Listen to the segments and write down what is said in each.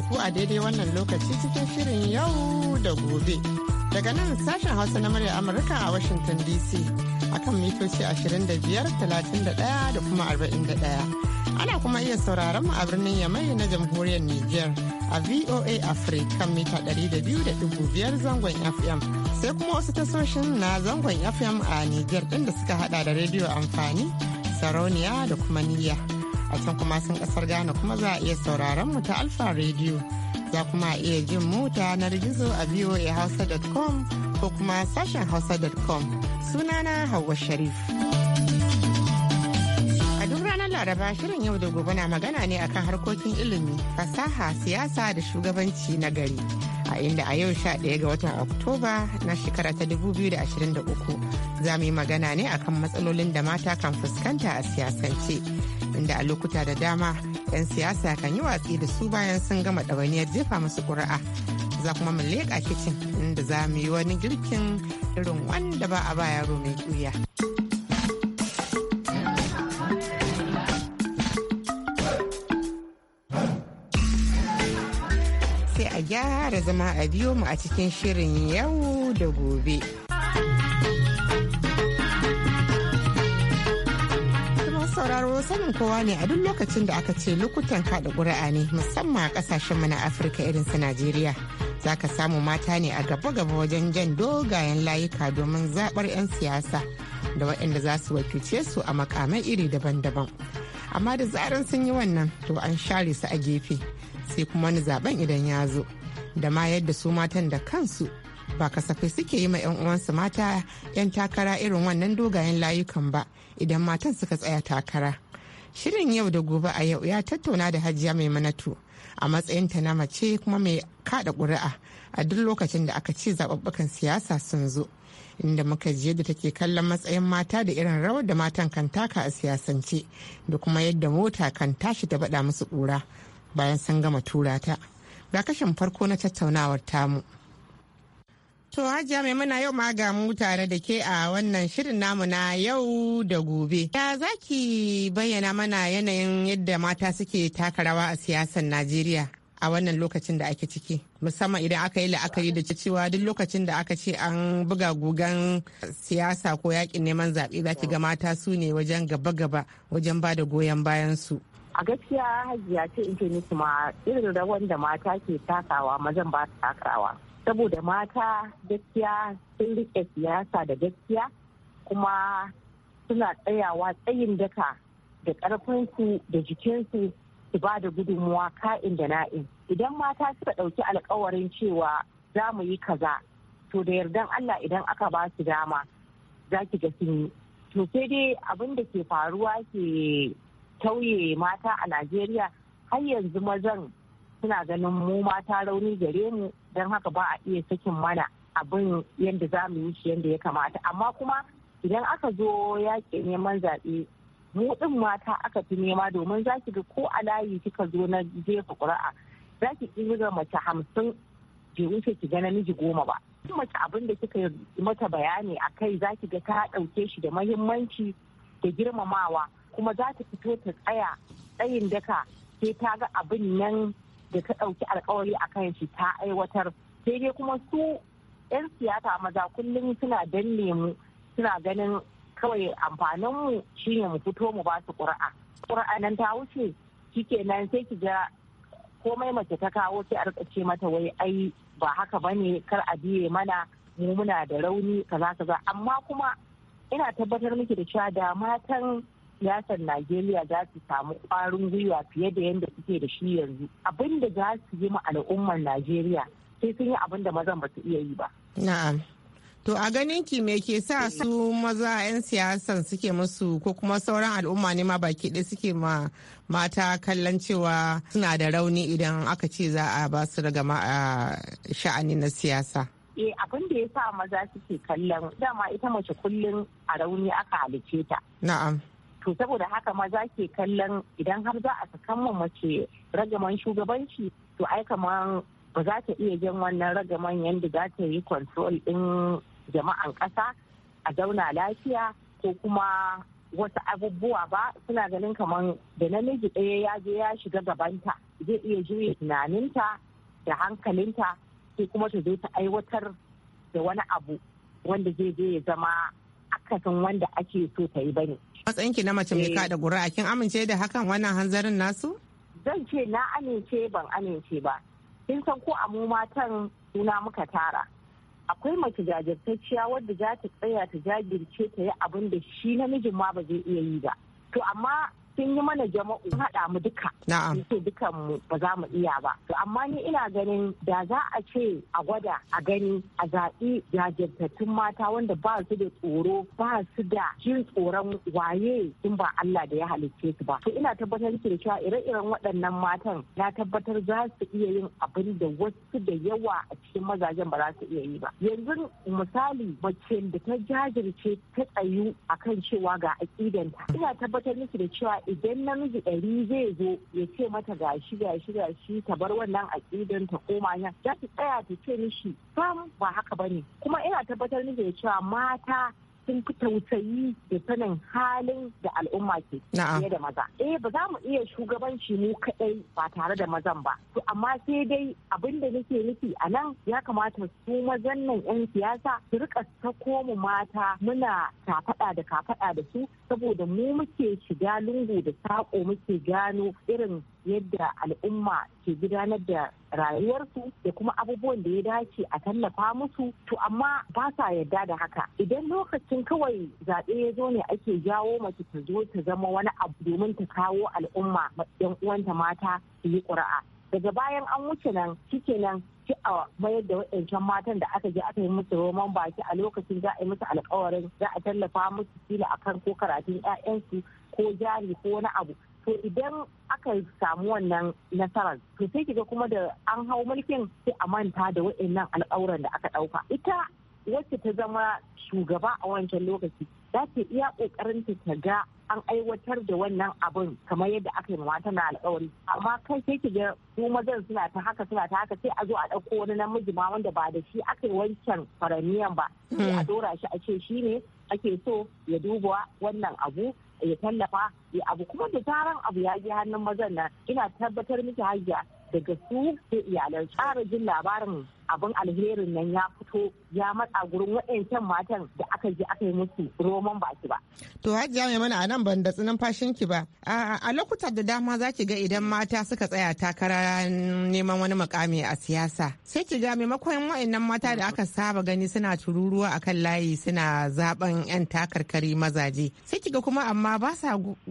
da ku a daidai wannan lokaci cikin shirin yau da gobe. Daga nan sashen Hausa na murya Amurka a Washington DC akan mitoci 25, 31 da kuma 41. Ana kuma iya sauraron mu a birnin Yamai na jamhuriyar Nijar a VOA Africa kan mita 200.5 zangon FM. Sai kuma wasu tasoshin na zangon FM a Nijar ɗin da suka hada da rediyo amfani, sarauniya da kuma niyya. can kuma sun kasar Ghana kuma za a iya sauraron mu ta Alfa Radio. Za kuma iya jin mu ta yanar gizo a voahausa.com ko kuma sashen hausa.com. na Hauwa Sharif. A duk ranar Laraba shirin yau da gobe na magana ne akan harkokin ilimi, fasaha, siyasa da shugabanci na gari. a inda a yau sha ɗaya ga watan oktoba na shekara ta 2023 za mu yi magana ne akan matsalolin da mata kan fuskanta a siyasance inda a lokuta da dama 'yan siyasa kan yi watsi da su bayan sun gama ɗawainiyar jefa musu ƙuri'a za kuma mu leƙa kicin inda za mu yi wani girkin irin wanda ba a ba yaro mai ƙuya. sai a gyara zama a biyo mu a cikin shirin yau da gobe. sauraro sanin kowa ne a duk lokacin da aka ce lokutan kaɗa ƙuri'a ne musamman a ƙasashen na Afirka irin su Najeriya. Za ka samu mata ne a gaba-gaba wajen jan dogayen layuka domin zaɓar 'yan siyasa da waɗanda za su wakilce su a makamai iri daban-daban. Amma da zaran sun yi wannan to an share su a gefe sai kuma wani zaben idan ya zo. Da ma yadda su matan da kansu ba kasafai suke yi ma 'yan uwansu mata 'yan takara irin wannan dogayen layukan ba idan matan suka tsaya takara. Shirin yau da gobe a yau ya tattauna da hajiya mai manatu a matsayin ta na mace kuma mai kada ƙuri'a a duk lokacin da aka ce zaɓaɓɓukan siyasa sun zo. inda muka je da take kallon matsayin mata da irin rawar da matan kan taka a siyasance da kuma yadda mota kan tashi ta baɗa musu ƙura bayan sun gama tura ta ga kashin farko na tattaunawar tamu. To Hajiya Maimuna yau ma ga mu tare da ke a wannan shirin namu na yau da gobe. Ya zaki bayyana mana yanayin yadda mata suke taka rawa a siyasar Najeriya a wannan lokacin da ake ciki. Musamman idan aka yi la'akari da cewa duk lokacin da aka ce an buga gugan siyasa ko yakin neman zaɓe za ki ga mata su ne wajen gaba-gaba wajen ba da goyon bayan su. A gaskiya hajiya ce in ce ni kuma irin rawar da mata ke takawa mazan ba su takawa. saboda mata gaskiya sun riƙe siyasa da gaskiya kuma suna tsayawa tsayin daka da ƙarfinsu da jikinsu su ba da gudunmuwa ka'in da na'in idan mata suka ɗauki alkawarin cewa za mu yi kaza to da yardan Allah idan aka ba su dama za ki ga sun yi to sai dai abin da ke faruwa ke tauye mata a Najeriya har yanzu mazan suna ganin mu mata rauni gare mu don haka ba a iya sakin mana abin yadda za mu yi shi yadda ya kamata amma kuma idan aka zo yaƙi neman zaɓe mu ɗin mata aka fi nema domin za ki ga ko a layi kika zo na jefa ƙuri'a za ki ga mace hamsin bai wuce ki ga namiji goma ba mace abin da kika yi mata bayani a kai za ki ga ta ɗauke shi da mahimmanci da girmamawa kuma za ta fito ta tsaya tsayin daka sai ta ga abin nan da ta ɗauki alkawari a kan shi ta aiwatar sai dai kuma su 'yan siyasa maza kullum suna danne mu suna ganin kawai amfanin mu shine mu fito mu ba su ƙura'a ƙura'a nan ta wuce nan sai ki ga komai mace ta kawo sai a rika ce mata wai ai ba haka bane kar a biye mana mu muna da rauni kaza kaza amma kuma ina tabbatar miki da cewa da matan siyasar Najeriya za su samu kwarin gwiwa fiye da yadda suke da shi yanzu. Abin da za su yi ma al'ummar Najeriya sai sun yi abin da mazan ba su iya yi ba. Na'am. To a ganin ki me ke sa su maza 'yan siyasan suke musu ko kuma sauran al'umma ne ma baki ɗaya suke ma mata kallon cewa suna da rauni idan aka ce za a ba su daga sha'ani na siyasa. eh abin da ya sa maza suke kallon dama ita mace kullum a rauni aka halice ta. Na'am. to saboda haka maza ke kallon idan har za a sakamma mace ragaman shugabanci to ai kaman ba za ta iya jin wannan ragaman yadda za ta yi control din jama'an ƙasa a zauna lafiya ko kuma wasu abubuwa ba suna ganin kamar da namiji ɗaya ya je ya shiga gabanta zai iya juya tunaninta da hankalinta sai kuma ta zo ta aiwatar da wani abu wanda zai je ya zama akasin wanda ake so ta yi bane Matsayinki na mace mai eh. kada gura kin amince da hakan wannan hanzarin nasu? Zan ce na amince ban amince ba. Kin san ko a mu matan suna muka tara. Akwai mace jajirtacciya wadda za ta tsaya ta jajirce ta yi abin da shi namijin ma ba zai iya yi ba. To amma sun yi mana jama'u sun haɗa mu duka na'am ce dukan mu ba za mu iya ba to amma ni ina ganin da za a ce a gwada a gani a zaɓi jajirtattun mata wanda ba su da tsoro ba su da jin tsoron waye in ba Allah da ya halicce su ba to ina tabbatar da cewa ire-iren waɗannan matan na tabbatar za su iya yin abin da wasu da yawa a cikin mazajen ba za su iya yi ba yanzu misali mace da ta jajirce ta tsayu akan cewa ga aƙidanta ina tabbatar miki da cewa idan namiji ɗari zai zo ya ce mata gashi gashi gashi ta bar wannan aƙidan ta koma nan za ta tsaya ta ce mishi sam ba haka bane kuma ina tabbatar miji da cewa mata sun fi tausayi da sanin halin da al'umma ke fiye da maza. Eh ba za mu iya shugabanci mu kaɗai ba tare da mazan ba. To amma sai dai abin da nake nufi a nan ya kamata su mazan nan 'yan siyasa su riƙa sako mu mata muna kafaɗa da kafaɗa da su saboda mu muke shiga lungu da saƙo muke gano irin yadda al'umma ke gudanar da rayuwarsu da kuma abubuwan da ya dace a tallafa musu to amma ba sa yarda da haka idan lokacin kawai zaɓe ya zo ne ake jawo mace ta zo ta zama wani abu domin ta kawo al'umma yan uwanta mata su yi ƙuri'a daga bayan an wuce nan shikenan ki a mayar da waɗancan matan da aka je aka yi musu roman baki a lokacin za a yi musu alƙawarin za a tallafa musu sila akan ko karatun 'ya'yansu ko jari ko wani abu to idan aka samu wannan nasarar to sai kiga kuma da an hau mulkin sai a manta da waɗannan al'auran da aka ɗauka ita wacce ta zama shugaba a wancan lokaci za ta iya ƙoƙarin ta ga an aiwatar da wannan abun kamar yadda aka yi mata na alƙawari amma kai sai kiga su mazan suna ta haka suna ta haka sai a zo a ɗauko wani namiji ma wanda ba da shi aka yi wancan faramiyan ba sai a dora hmm. shi a ce shi ne ake so ya duba wannan abu ya tallafa ya abu kuma da taron abu ya je hannun mazan nan ina tabbatar miki hajiya daga su ke iyalan tsara jin labarin abin alherin nan ya fito ya matsa gurin waɗancan matan da aka je aka yi musu roman baki ba. To hajiya mai mana a nan ban da tsinin fashin ki ba. A lokuta da dama za ki ga idan mata suka tsaya takara neman wani mukami a siyasa. Sai ki ga maimakon waɗannan mata da aka saba gani suna tururuwa a kan layi suna zaben 'yan takarkari mazaje. Sai ki ga kuma amma ba sa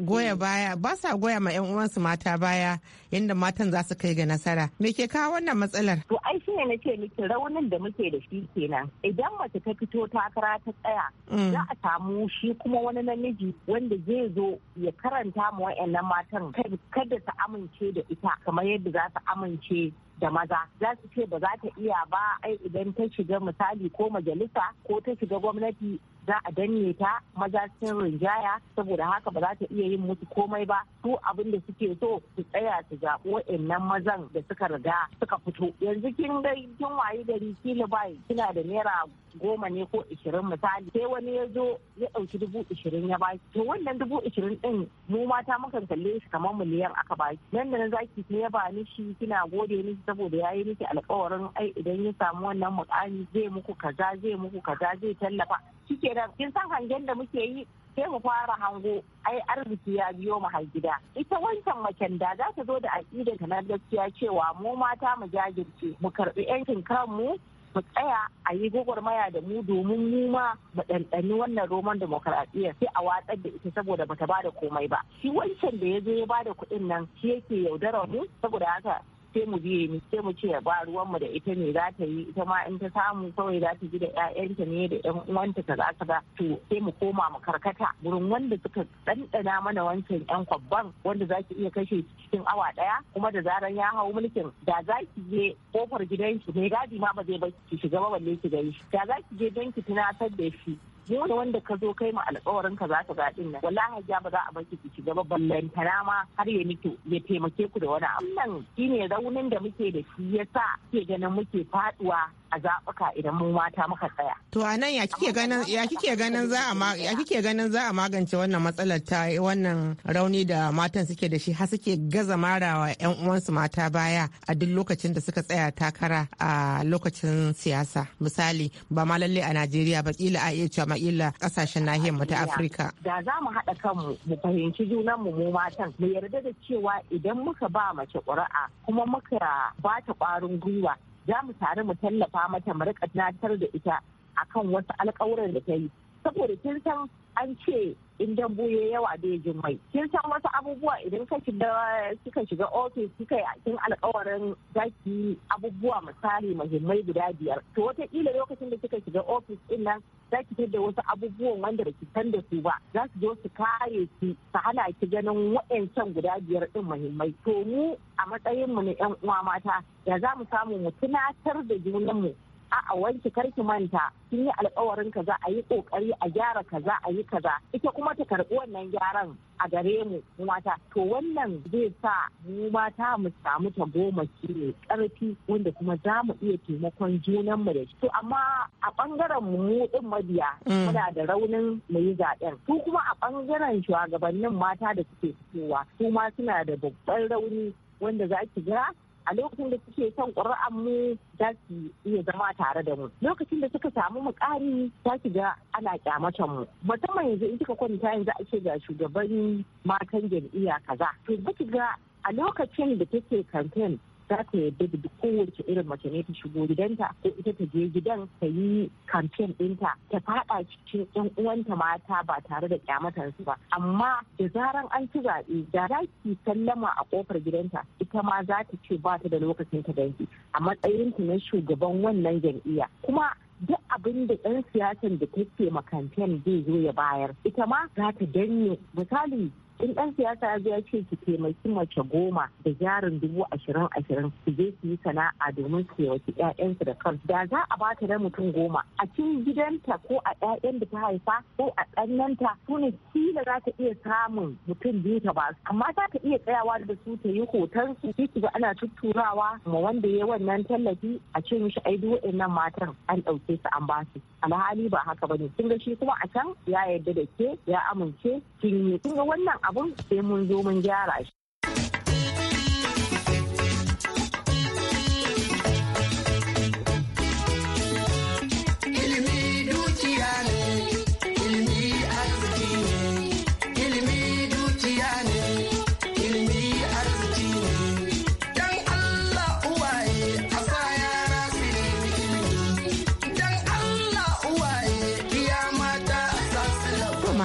goya baya ba sa goya ma 'yan uwansu mata baya yadda matan za su kai ga nasara. Me ke kawo wannan matsalar? To ai shi ne na ce yake raunin da muke da shi kenan idan mace ta fito takara ta tsaya mm. za a samu shi kuma wani namiji wanda zai zo ya karanta mu wa'annan matan kada su amince da ita kamar yadda za su amince da maza za su ce ba za ta iya ba ai idan ta shiga misali ko majalisa ko ta shiga gwamnati za a danne ta maza sun rinjaya saboda haka ba za ta iya yin musu komai ba su abin da suke so su tsaya su zaɓi wa'annan mazan da suka riga suka fito yanzu kin ga kin wayi gari kila bai kina da naira goma ne ko ishirin misali sai wani ya zo ya ɗauki dubu ishirin ya baki to wannan dubu ishirin ɗin mu mata mukan kalle shi kamar miliyan aka baki nan da nan zaki ki ba ni shi kina gode ni saboda ya yi miki alkawarin ai idan ya samu wannan mukami zai muku kaza zai muku kaza zai tallafa kike da kin san hangen da muke yi sai mu fara hango ai arziki ya biyo mu har gida ita wancan macen da za ta zo da aƙidanta ta na gaskiya cewa mu mata mu jajirce mu karɓi 'yancin kanmu mu tsaya a yi gwagwarmaya da mu domin mu ma mu ɗanɗani wannan roman demokaradiyyar sai a watsar da ita saboda bata ba da komai ba shi wancan da ya zo ya bada kuɗin nan shi yake yaudarar mu saboda haka sai mu je ni sai mu ce ya ba mu da ita ne za ta yi ita ma in ta samu kawai za ta ji da 'ya'yanta ne da 'yan uwanta za kaza to sai mu koma mu karkata wurin wanda suka ɗanɗana mana wancan 'yan kwabban wanda za ki iya kashe cikin awa ɗaya kuma da zaran ya hau mulkin da za ki je kofar gidan shi mai gadi ma ba zai ba ki shiga ba balle ki gani da za ki je don ki tunatar da shi mu wanda ka zo kai ma alƙawarin ka za ka ga din nan wallahi ya ba za a barki ki shiga ba ballantana ma har ya miki ya taimake ku da wani abu nan shine raunin da muke da shi sa ke ganin muke faduwa a zaɓuka idan mu mata muka tsaya. To a nan ya kike ganin ya kike ganin za a ya kike ganin za a magance wannan matsalar ta wannan rauni da matan suke da shi har suke gaza marawa yan uwansu mata baya a duk lokacin da suka tsaya takara a lokacin siyasa misali ba ma lalle a Najeriya ba kila a iya cewa Isra'ila kasashen nahiyar mu ta Afirka. Da za mu haɗa kanmu mu fahimci junan mu mu matan mu yarda da cewa idan muka ba mace ƙuri'a kuma muka ba ta ƙwarin gwiwa za mu tare mu tallafa mata mu riƙa tunatar da ita akan wasu alƙawuran da ta yi saboda kin san an ce in dambu ya yawa da yajin mai kin san wasu abubuwa idan ka shiga suka shiga ofis suka yi kin alkawarin zaki abubuwa misali muhimmai guda biyar to wataƙila lokacin da kika shiga ofis din nan zaki fitar da wasu abubuwan wanda ba ki san da su ba za su zo su kare ki su hana ki ganin waɗancan guda biyar din muhimmai to mu a matsayin mu na yan uwa mata ya za mu samu mu tunatar da mu. a'a wanke karki manta kin yi alkawarin kaza a yi kokari a gyara kaza a yi kaza ita kuma ta karbi wannan gyaran a gare mu mata to wannan zai sa mu mata mu samu ta goma shi ne karfi wanda kuma za mu iya taimakon junan mu da shi to amma a bangaren mu din mabiya mm. muna da raunin mu yi zaben su kuma a bangaren shugabannin mata da suke fitowa su ma suna da babban rauni wanda za ki ga a lokacin da suke son ƙuri'an mu za su iya zama tare da mu lokacin da suka samu mukami za ki ga ana kyamatan mu musamman yanzu in kika kwanta yanzu a ce ga shugaban matan jam'iyya kaza to ba ki ga a lokacin da take kamfen za ta yadda da kowace irin mace ne ta shigo gidanta ko ita ta je gidan ta yi kamfen ɗinta ta faɗa cikin yan uwanta mata ba tare da kyamatansu ba amma da zaran an ci zaɓe da za ki sallama a ƙofar gidanta ita ma za ta ce ba ta da lokacin ta danki a matsayin ta na shugaban wannan jam'iyya kuma duk abin da ɗan siyasan da take kamfen zai zo ya bayar ita ma za ta danne misali in dan siyasa ya ce ki taimaki mace goma da jarin dubu ashirin ashirin su je su yi sana'a domin su yawaki ƴaƴansu da kansu da za a bata da mutum goma a cikin gidanta ko a ƴaƴan da ta haifa ko a ɗannanta su ne kila za ta iya samun mutum biyu ta ba su. amma za ta iya tsayawa da su ta yi hoton su sai ki ga ana tutturawa ma wanda ya wannan tallafi a ce mishi ai duk waɗannan matan an ɗauke su an ba su alhali ba haka ba ne. kin ga shi kuma a can ya yarda da ke ya amince kin yi kin ga wannan abun sai mun zo mun gyara shi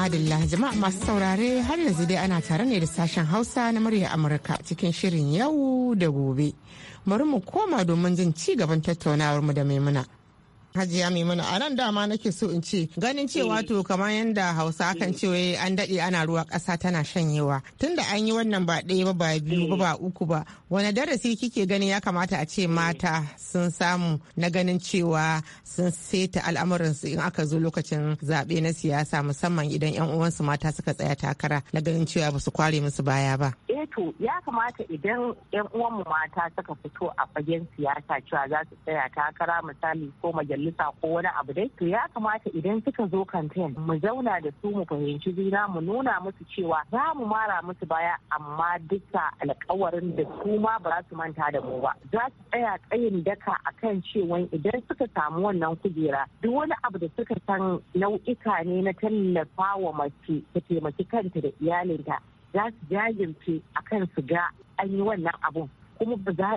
adalla jama'a masu saurare har yanzu dai ana tare ne da sashen hausa na murya amurka cikin shirin yau da gobe bari mu koma domin jin ci gaban tattaunawarmu da maimuna Hajiya Maimuna a nan dama nake so in ce ganin cewa to kamar yadda Hausa akan ce wai an daɗe ana ruwa ƙasa tana shanyewa tunda an yi wannan ba ɗaya ba ba biyu ba ba uku ba wani darasi kike gani ya kamata a ce mata sun samu na ganin cewa sun seta al'amuransu in aka zo lokacin zaɓe na siyasa musamman idan 'yan uwansu mata suka tsaya takara na ganin cewa ba su kware musu baya ba. Eh to ya kamata idan 'yan uwanmu mata suka fito a fagen siyasa cewa za su tsaya takara misali ko majalisa majalisa ko wani abu dai to ya kamata idan suka zo kamfen mu zauna da su mu fahimci juna mu nuna musu cewa za mu mara musu baya amma duka alkawarin da su ma ba su manta da mu ba za su tsaya tsayin daka akan cewa idan suka samu wannan kujera duk wani abu da suka san nau'ika ne na tallafa wa mace ta taimaki kanta da iyalinta za su jajirce akan su ga an yi wannan abun kuma ba za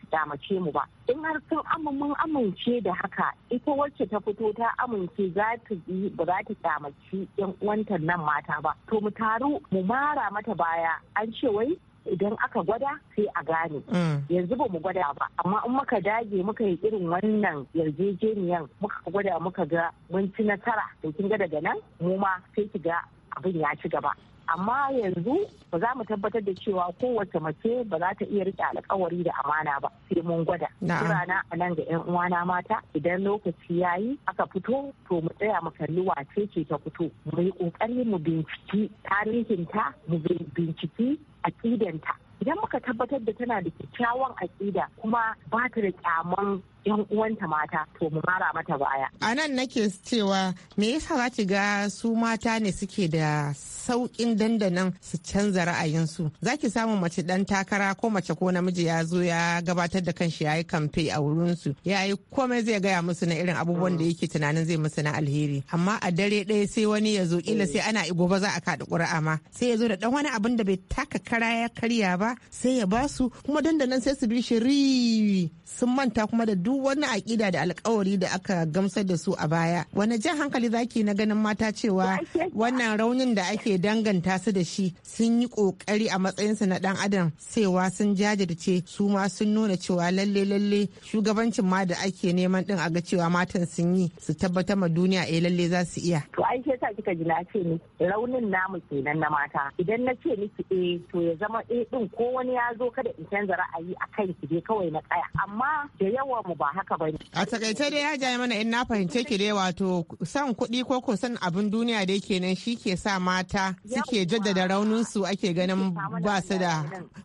su damace mu ba in har sun mun amince da haka ita wacce ta fito ta amince za ta yi ba za ta kyamaci yan uwanta nan mata ba to mu taru mu mara mata baya an ce wai idan aka gwada sai a gane mm. yanzu ba mu gwada ba amma in muka dage muka yi irin wannan yarjejeniyan muka gwada muka ga mun ci nasara da kin ga daga nan mu ma sai ki ga abin ya ci gaba amma yanzu ba za mu tabbatar da cewa kowace mace ba za ta iya rike alkawari da amana ba sai mun gwada kirana a nan ga yan uwana mata idan lokaci ya yi aka fito to mu tsaya mu kalli wace ce ta fito mu yi kokari mu binciki tarihinta mu binciki aƙidanta idan muka tabbatar da tana da kyakkyawan aƙida kuma ba ta da kyaman yan uwanta mata to mu mara mata baya. A nan nake cewa me yasa za ki ga su mata ne suke da sauƙin dandanan su canza ra'ayinsu. Za ki samu mace ɗan takara ko mace ko namiji ya zo ya gabatar da kanshi ya yi kamfe a wurinsu ya yi komai zai gaya musu na irin abubuwan da mm. yake tunanin zai musu na alheri. Amma a dare ɗaya sai wani ya zo ƙila mm. sai ana gobe za a kaɗi ƙura'a ma sai ya zo da ɗan wani abin da bai taka kara ya karya ba sai ya basu kuma dandanan sai su bi shiri sun manta kuma da duk wani aƙida da alkawari da aka gamsar da su a baya wani jan hankali zaki na ganin mata cewa wannan raunin da ake danganta su da shi sun yi ƙoƙari a matsayinsu na ɗan adam cewa sun jajirce su ma sun nuna cewa lalle lalle shugabancin ma da ake neman din a ga cewa matan sun yi su tabbatar ma duniya eh lalle za su iya. To ai ke sa kika ji na ce ni raunin namu kenan na mata idan na ce miki eh to ya zama eh din ko wani ya zo kada in canza ra'ayi akan ki dai kawai na tsaya amma da yawa mu ba haka ba ne. A takaice dai ya jaye mana in na fahimce ki dai wato san kuɗi ko ko san abin duniya dai kenan shi ke sa mata suke jaddada raunin su ake ganin ba su da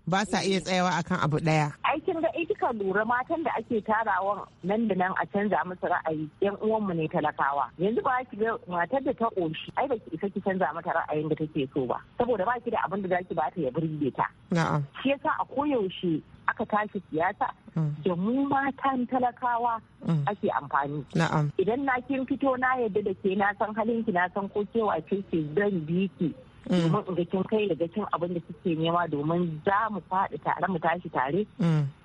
ba sa iya tsayawa akan abu ɗaya. Aikin da ita lura matan da ake tarawa nan da nan a canza musu ra'ayi yan uwanmu ne talakawa. Yanzu ba ki ga matar da ta ƙoshi ai ba ki isa ki canza mata ra'ayin da take so ba saboda ba ki da abin da za ki ba ta ya birge ta. Na'am. Shi yasa a koyaushe aka tashi siyasa mm. da mu matan talakawa mm. ake amfani. Idan na kin fito na yadda da ke na san halin ki na san ko cewa ce ke zan bi ki. Mm. Domin in ga kin kai daga cin abin da kike nema domin za mu faɗi tare mu tashi tare.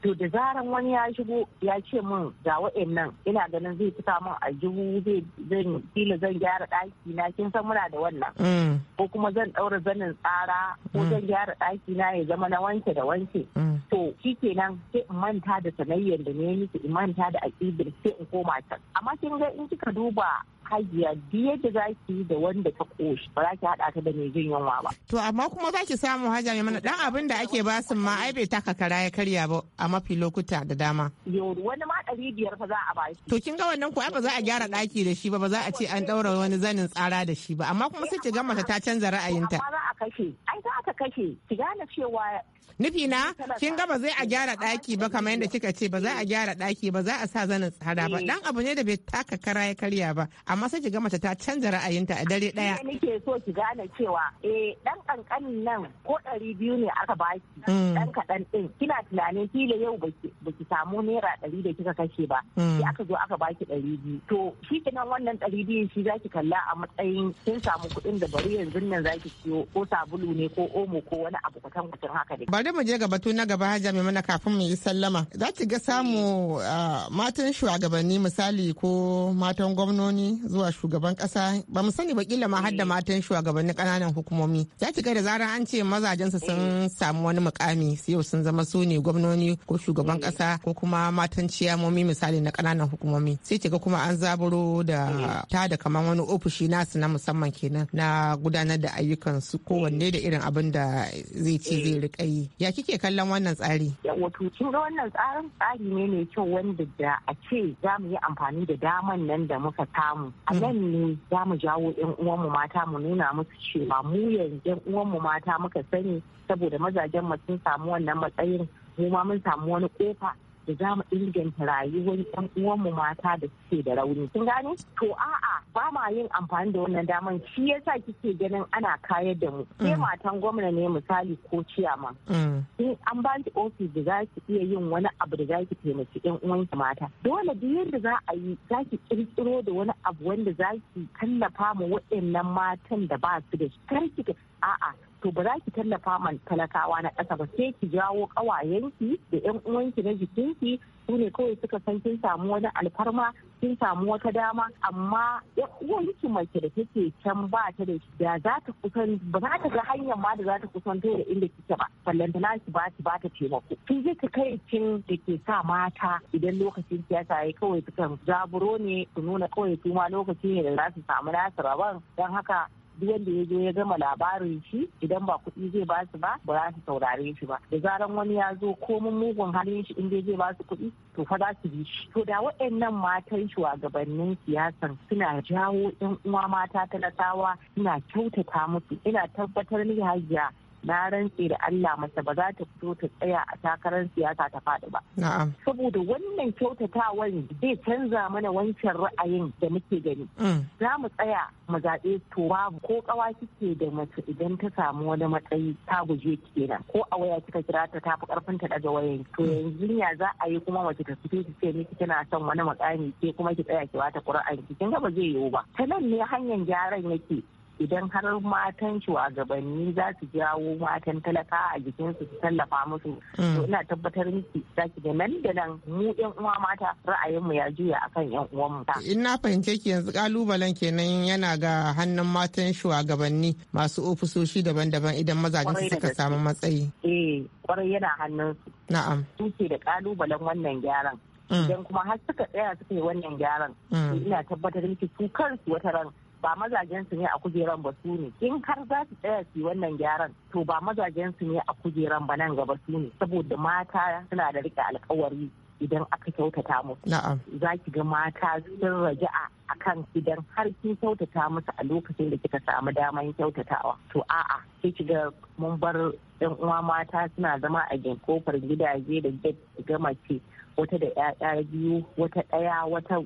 to da zaran wani ya shigo ya ce min ga wa'annan ina ganin zai fita min aljihu zai zan zan gyara ɗaki na kin san muna da wannan mm. ko kuma zan ɗaura zanin tsara ko mm. zan gyara ɗaki na ya zama na wanke da wanke mm. to shi kenan sai in manta da sanayyar da ne miki in manta da aƙidar sai in koma can amma kin ga in kika duba hajiya duk yadda za ki yi da wanda ta koshi ba za ki haɗa ta da mai jin yunwa ba. To amma kuma za ki samu hajiya mai mana ɗan abin da ake basun ma ai bai taka kara ya karya ba mafi lokuta da dama. wani ma ɗari biyar fa za a ba To kin ga wannan ko ba za a gyara ɗaki da shi ba ba za a ce an ɗaura wani zanin tsara da shi ba amma kuma sai ki ga mata ta canza ra'ayinta. Ba za a kashe ai za ka kashe ki gane cewa nufi na kin ga ba zai a gyara daki ba kamar yadda kika ce ba za a eh. gyara daki ba za a sa zanin tsada ba dan eh. abu ne da bai taka kara ya karya ba amma sai ki ga mace ta canza ra'ayinta a dare daya ne nake so ki gane cewa eh dan kankanin nan ko ɗari biyu ne aka baki dan mm. kaɗan din kina tunanin kila yau baki samu naira ɗari da kika kashe ba mm. sai aka zo aka baki ɗari biyu to shi kenan wannan ɗari biyu shi zaki kalla a matsayin kin samu kuɗin da bari yanzu nan zaki siyo ko sabulu ne ko omo ko wani abu kwatan kwatan haka dai bari mu je ga batu na gaba hajja mana kafin mu yi sallama za ki ga samu matan shugabanni misali ko matan gwamnoni zuwa shugaban kasa ba mu sani ba kila ma har eh. matan shugabanni kananan hukumomi za ki ga da zarar an ce mazajen su sun eh. samu wani mukami sai yau sun zama su ne gwamnoni ko shugaban kasa eh. ko kuma matan ciyamomi misali na kananan hukumomi sai ki ga kuma an zaburo da ta da kamar wani ofishi nasu na musamman kenan na gudanar da ayyukan su kowanne da irin abin da zai ce zai rika ya kike kallon wannan tsari wato kin ga wannan tsarin tsari ne mai kyau wanda da a ce za mu yi amfani da daman nan da muka samu a hmm. nan ne za mu jawo yan uwanmu mata mu nuna musu cewa mu yanzu yan uwan mu mata muka sani saboda mazajen mu sun samu wannan matsayin mu ma mun samu wani kofa da za mu inganta rayuwar yan uwanmu mata da suke da rauni kin gane to a'a ba ma yin amfani da wannan daman shi yasa kike ganin ana kayar da mu sai mm. matan gwamna ne misali ko ciyama mm. in an ba ki ofis da za ki iya yin wani abu da za ki taimaki yan uwanki mata dole duk yadda za a yi za ki kirkiro da wani abu wanda za ki tallafa mu waɗannan matan da ba su da shi kar ki a'a to ba za ki tallafa man talakawa na ƙasa ba sai ki jawo ƙawayenki da 'yan uwanki na jikinki su ne kawai suka san kin samu wani alfarma kin samu wata dama amma ƴan uwanki mace da take can ba ta da shi da za ta kusan ba za ta ga hanyar ma da za ta kusan da inda kike ba ballantana ki ba ta ba ta taimako kin je ta kai kin da ke sa mata idan lokacin siyasa ya kawai sukan zaburo ne su nuna kawai su ma lokaci ne da za su samu nasu rabon don haka duk wanda ya zo ya gama labarin shi idan ba kuɗi zai ba su ba ba za su saurare shi ba da zaran wani ya zo mun mugun halin shi inda zai ba su kuɗi to fa za su bi shi to da waɗannan matan shugabannin siyasan suna jawo 'yan uwa mata talakawa suna kyautata musu ina tabbatar ni hajiya na rantse da Allah mace ba za ta fito ta tsaya a takarar siyasa ta faɗi ba. Saboda wannan kyautatawan zai canza mana wancan ra'ayin da muke gani. Mm. Za mu tsaya mu zaɓe to ko ƙawa kike da mace idan ta samu wani matsayi ta guje kenan ko a waya kika kira ta tafi ƙarfin ta daga wayan to mm. yanzu ya za a yi kuma mace ta fito ta ce miki kina son wani makami ke kuma ki tsaya ki ta ƙura'an ki kin ga ba zai yiwu ba. Ta nan ne hanyar gyaran yake idan har matan shugabanni za su jawo matan talaka a jikinsu su tallafa musu to mm. ina tabbatar miki zaki da nan da nan mu yan uwa mata mu ya juya akan yan uwan mu in na fahimce ki yanzu kalubalen kenan yana ga hannun matan shugabanni masu ofisoshi daban-daban idan mazajen su suka samu matsayi eh kwarai yana hannun su na'am suke da kalubalen wannan gyaran mm. idan kuma har suka tsaya suka yi wannan gyaran mm. ina tabbatar miki su kansu wata ran ba mazajen su ne a kujeran ba su ne in har za su tsaya su wannan gyaran to ba mazajen su ne a kujeran ba nan gaba su ne saboda mata suna da rike alkawari idan aka kyautata musu za ki ga mata sun raja'a akan idan har kin kyautata musu a lokacin da kika samu daman kyautatawa to a'a sai ki ga mun bar yan uwa mata suna zama a kofar gidaje da gama ce. wata da ƴaƴa biyu wata ɗaya wata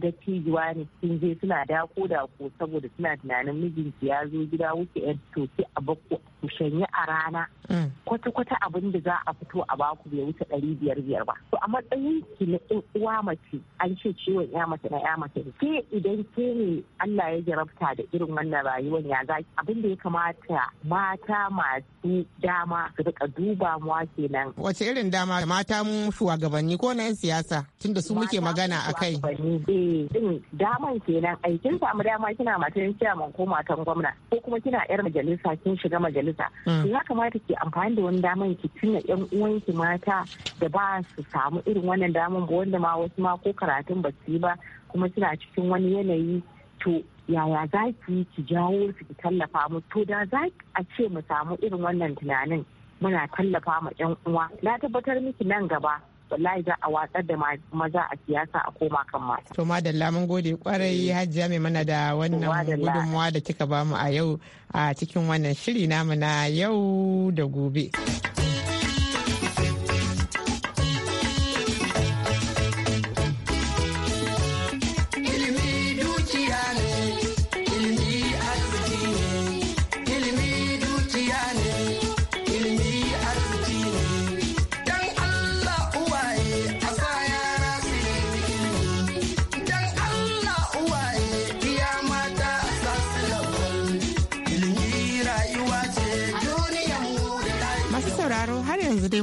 da cijuwa ne sun je suna dako ko saboda suna tunanin mijinki ya zo gida wuce yan toki a bakko ku shanye a rana mm. kwata kwata abin da za a fito a baku bai wuce ɗari biyar biyar ba to a matsayin ki na ɗan uwa mace an ce ciwon ya mace na ya mace sai idan ke ne Allah ya jarabta da irin wannan rayuwar ya zaki abin da ya kamata mata masu dama su rika duba muwa kenan wace irin dama mata mu shugabanni ko ko na 'yan siyasa tunda su muke magana a kai. Eh, din daman kenan aikin kin samu dama kina matan ciyaman ko matan gwamna ko kuma kina yar majalisa kin shiga majalisa. Hmm. To ya kamata ki amfani da wani daman ki tuna yan uwanki mata da ba su samu irin wannan daman ba wanda ma wasu ma ko karatun ba su yi ba kuma suna cikin wani yanayi to yaya za ki ki jawo su ki tallafa mu to da za a ce mu samu irin wannan tunanin muna tallafa ma yan uwa na tabbatar miki nan gaba wallahi za a watsar da maza a siyasa a koma kan mata. To madalla mun gode kwarai eh. hajjiya mai mana da wannan gudunmuwa da kika bamu a yau a cikin wannan shiri namu na yau da gobe.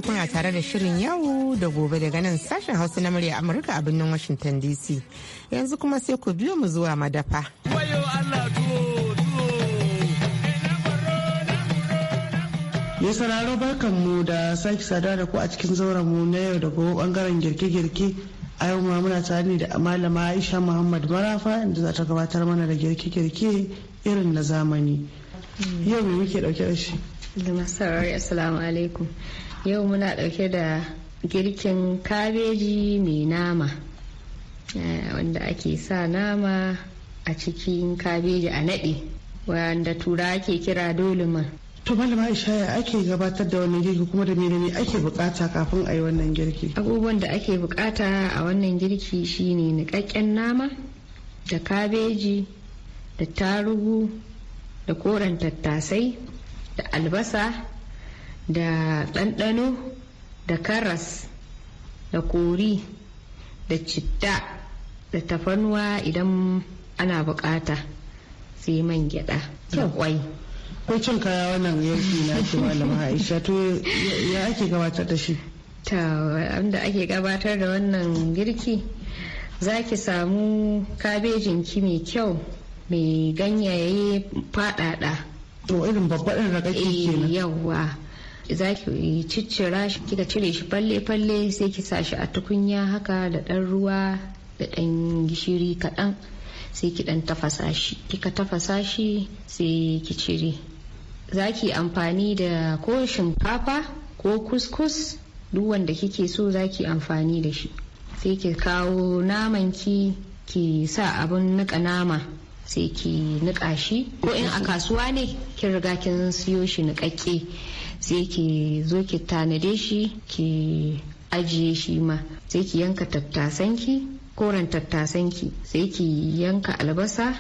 kuna tare da shirin yau da gobe daga nan sashen hausa na murya Amurka a birnin Washington DC. Yanzu kuma sai ku biyo mu zuwa madafa. Mai sauraro barkan mu da sake sada da ku a cikin zauren mu na yau da gobe bangaren girke-girke a yau ma muna tare ne da malama Aisha Muhammad Marafa inda za ta gabatar mana da girke-girke irin na zamani. Yau ne muke dauke da shi? Masarari Assalamu alaikum. Yau muna ɗauke da girkin kabeji mai nama eh, wanda ake sa nama a cikin kabeji a naɗe wanda tura ake kira doliman. To malama Aisha ya ake gabatar da wannan girki kuma da menene ake bukata kafin a yi wannan girki? Abubuwan da ake bukata a wannan girki shine niƙaƙƙen nama da kabeji da tarugu da koren tattasai da albasa da ɗanɗano da karas da kori da citta da tafanuwa idan ana bukata sai man gyada da kwai ko cin kaya wannan yanki na ke malama aisha to ya ake gabatar da shi ta wanda ake gabatar da wannan girki za ki samu kabejin ki mai kyau mai ganyaye fadada to irin babbaɗin ragaki eh, kenan yawwa za ki ciccira shi kika cire shi falle falle sai ki sa shi a tukunya haka da ɗan ruwa da ɗan gishiri kaɗan sai ki ɗan tafasa shi kika tafasa shi sai ki cire za ki amfani da ko shinkafa ko kuskus duk wanda kike so za ki amfani da shi sai ki kawo naman ki ki sa abun niƙa nama sai ki niƙa shi ko in a kasuwa ne kin riga kin siyo shi niƙaƙƙe sai ki zo ki tanade shi ki ajiye shi ma sai ki yanka tattasanki koren tattasanki sai ki yanka albasa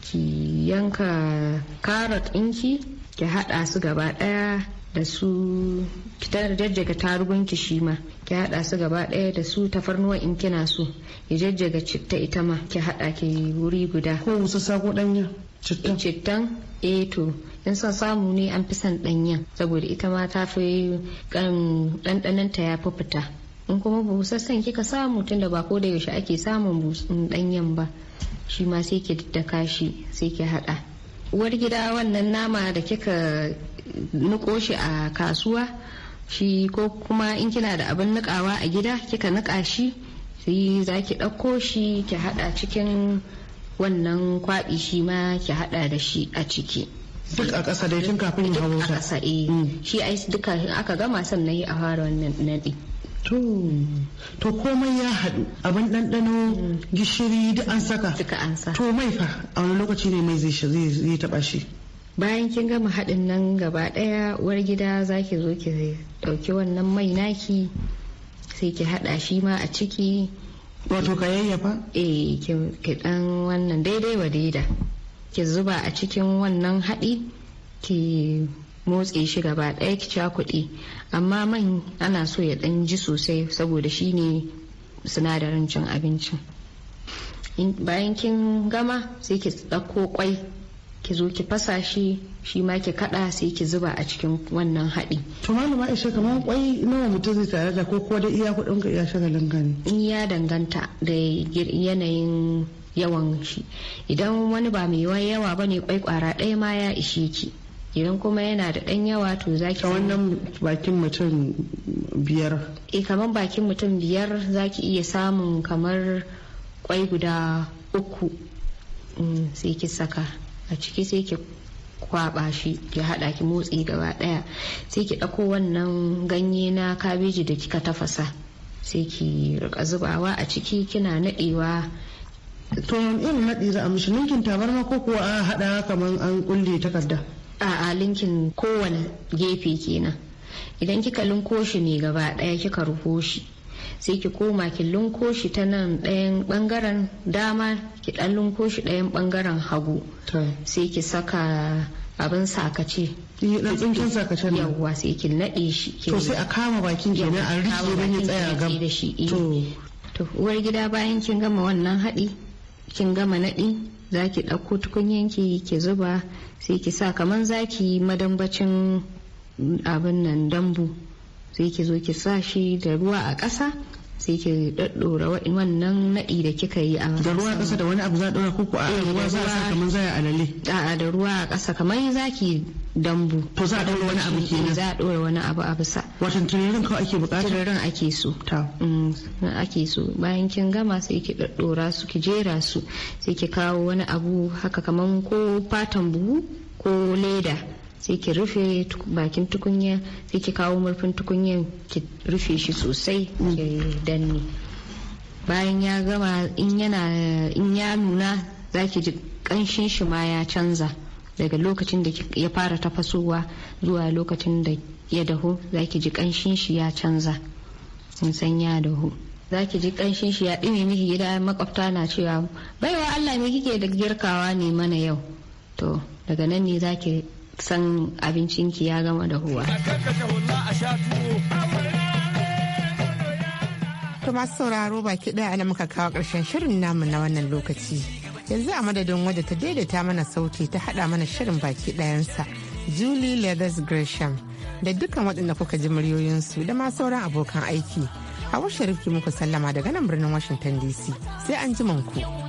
ki yanka karot ɗinki ki haɗa su gaba ɗaya da su fitar jajjaga tarugun shi ma ki hada su gaba daya da su tafarnuwa in kina so ki jajjaga citta ita ma ki hada ki wuri guda ko wasu sako danya cittan eh, cittan eh to in son samu ne an fi son danyen saboda ita ma ta fi kan um, ta ya fi fita in kuma sassan kika samu tunda ba ko da yaushe ake samun danyen ba shi ma sai ki daddaka shi sai ki hada uwar gida wannan nama da kika nuko shi a kasuwa shi ko kuma in kina da abin nukawa a gida kika nuka shi sai za ki ɗauko shi ki haɗa cikin wannan kwaɓi shi ma ki haɗa da shi a ciki duk a ƙasa da tun kafin ya hawo shi a ƙasa eh mm. shi ai duka aka gama sannan a fara wannan naɗi to komai ya haɗu abin ɗanɗano gishiri duk an saka to mai fa a wani lokaci ne mai zai taɓa shi bayan kin gama haɗin nan gaba ɗaya uwar gida za ki zo ki ɗauki wannan mai naki sai ki haɗa shi ma a ciki wato ka yayyafa eh ki ɗan wannan daidai wa daida ki zuba a cikin wannan haɗi ki motse shi gaba ɗaya ki kuɗi amma man ana so ya ɗan ji sosai saboda shi ne sinadarin cin abincin bayan kin gama sai ki ɗauko kwai ki zo ki fasa shi shi ma ki kada sai ki zuba a cikin wannan haɗi. to malama aisha kamar kwai nawa mutum zai tare da ko kuwa da iya kuɗin ka iya shagalin gani. in ya danganta da yanayin yawan shi idan wani ba mai yawa ba ne kwai kwara ɗaya ma ya ishe ki idan kuma yana da ɗan yawa to za ki wannan bakin mutum biyar e eh, kamar bakin mutum biyar za ki iya samun kamar kwai guda uku mm, sai ki saka a ciki sai ki kwaba shi ki hada ki motsi gaba daya sai ki ɗauko wannan ganye na kabeji da kika tafasa sai ki rika zubawa a ciki kina nadewa to in nadi za a mishi ninkin tabarma ko kuwa a haɗa kamar an kulle takarda a'a linkin kowane gefe kenan idan kika linko shi ne gaba daya kika rufo shi sai ki koma ki linko shi ta nan ɗayan ɓangaren dama ki ɗan linko shi ɗayan ɓangaren hagu sai ki saka abin sakace dan tsinken sakace ne yawwa sai ki naɗe shi to sai a kama bakin kenan a rike don ya tsaya gab da shi eh. to uwar gida bayan kin gama wannan haɗi kin gama naɗi za ki ɗauko tukunyanki ki zuba sai ki sa kamar za ki yi madambacin abin nan dambu sai ki zo ki sa shi da ruwa a ƙasa sai ki daddora wannan nadi da kika yi a da ruwa kasa da wani abu za dora koko a eh, ruwa za a saka man a alale a da ruwa a kasa kamar zaki dambu to za a wani abu eh, nan. za a dora wani abu a bisa watan tururin kawai ake bukata tururin ake so ta mm, ake so bayan kin gama sai ki daddora su ki jera su sai ki kawo wani abu haka kamar ko fatan buhu ko leda sai ki rufe bakin tukunya sai ki kawo murfin tukunyar ki rufe shi sosai ki danne bayan ya gama in ya nuna za ki ji kanshin shi ma ya canza daga lokacin da ya fara tafasowa zuwa lokacin da ya dahu za ki ji kanshin shi ya canza sun san ya dahu za ki ji kanshin shi ya dume miki gida makwabta na cewa baiwa Allah me kike da girkawa ne mana yau to daga nan ne za ki san abincinki ya gama da huwa. To masu sauraro baki ɗaya ana muka kawo ƙarshen shirin namu na wannan lokaci. Yanzu a madadin wadda ta daidaita mana sauti ta haɗa mana shirin baki ɗayansa. Julie Leathers Gresham da dukkan waɗanda kuka ji muryoyinsu da ma sauran abokan aiki. Hawa Sharif muku sallama daga nan birnin Washington DC. Sai an ji ku.